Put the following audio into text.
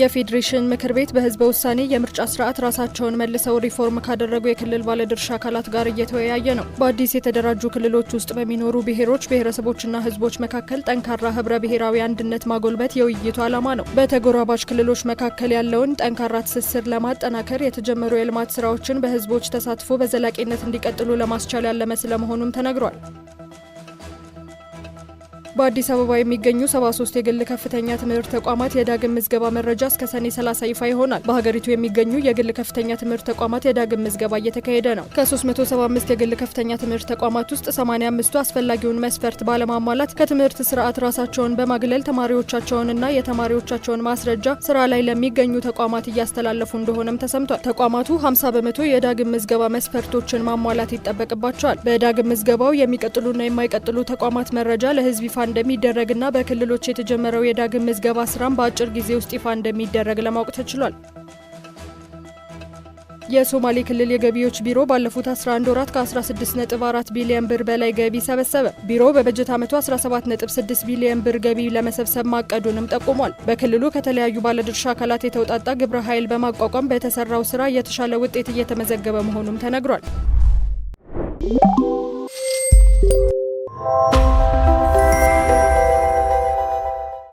የፌዴሬሽን ምክር ቤት በህዝበ ውሳኔ የምርጫ ስርዓት ራሳቸውን መልሰው ሪፎርም ካደረጉ የክልል ባለድርሻ አካላት ጋር እየተወያየ ነው። በአዲስ የተደራጁ ክልሎች ውስጥ በሚኖሩ ብሔሮች ብሔረሰቦችና ህዝቦች መካከል ጠንካራ ህብረ ብሔራዊ አንድነት ማጎልበት የውይይቱ ዓላማ ነው። በተጎራባች ክልሎች መካከል ያለውን ጠንካራ ትስስር ለማጠናከር የተጀመሩ የልማት ስራዎችን በህዝቦች ተሳትፎ በዘላቂነት እንዲቀጥሉ ለማስቻል ያለመ ስለመሆኑም ተነግሯል። በአዲስ አበባ የሚገኙ 73 የግል ከፍተኛ ትምህርት ተቋማት የዳግም ምዝገባ መረጃ እስከ ሰኔ 30 ይፋ ይሆናል። በሀገሪቱ የሚገኙ የግል ከፍተኛ ትምህርት ተቋማት የዳግም ምዝገባ እየተካሄደ ነው። ከ375 የግል ከፍተኛ ትምህርት ተቋማት ውስጥ 85ቱ አስፈላጊውን መስፈርት ባለማሟላት ከትምህርት ስርዓት ራሳቸውን በማግለል ተማሪዎቻቸውንና የተማሪዎቻቸውን ማስረጃ ስራ ላይ ለሚገኙ ተቋማት እያስተላለፉ እንደሆነም ተሰምቷል። ተቋማቱ 50 በመቶ የዳግም ምዝገባ መስፈርቶችን ማሟላት ይጠበቅባቸዋል። በዳግም ምዝገባው የሚቀጥሉና የማይቀጥሉ ተቋማት መረጃ ለህዝብ ይፋ እንደሚደረግና በክልሎች የተጀመረው የዳግም ምዝገባ ስራም በአጭር ጊዜ ውስጥ ይፋ እንደሚደረግ ለማወቅ ተችሏል። የሶማሌ ክልል የገቢዎች ቢሮ ባለፉት 11 ወራት ከ16.4 ቢሊዮን ብር በላይ ገቢ ሰበሰበ። ቢሮው በበጀት ዓመቱ 17.6 ቢሊዮን ብር ገቢ ለመሰብሰብ ማቀዱንም ጠቁሟል። በክልሉ ከተለያዩ ባለድርሻ አካላት የተውጣጣ ግብረ ኃይል በማቋቋም በተሰራው ስራ የተሻለ ውጤት እየተመዘገበ መሆኑም ተነግሯል።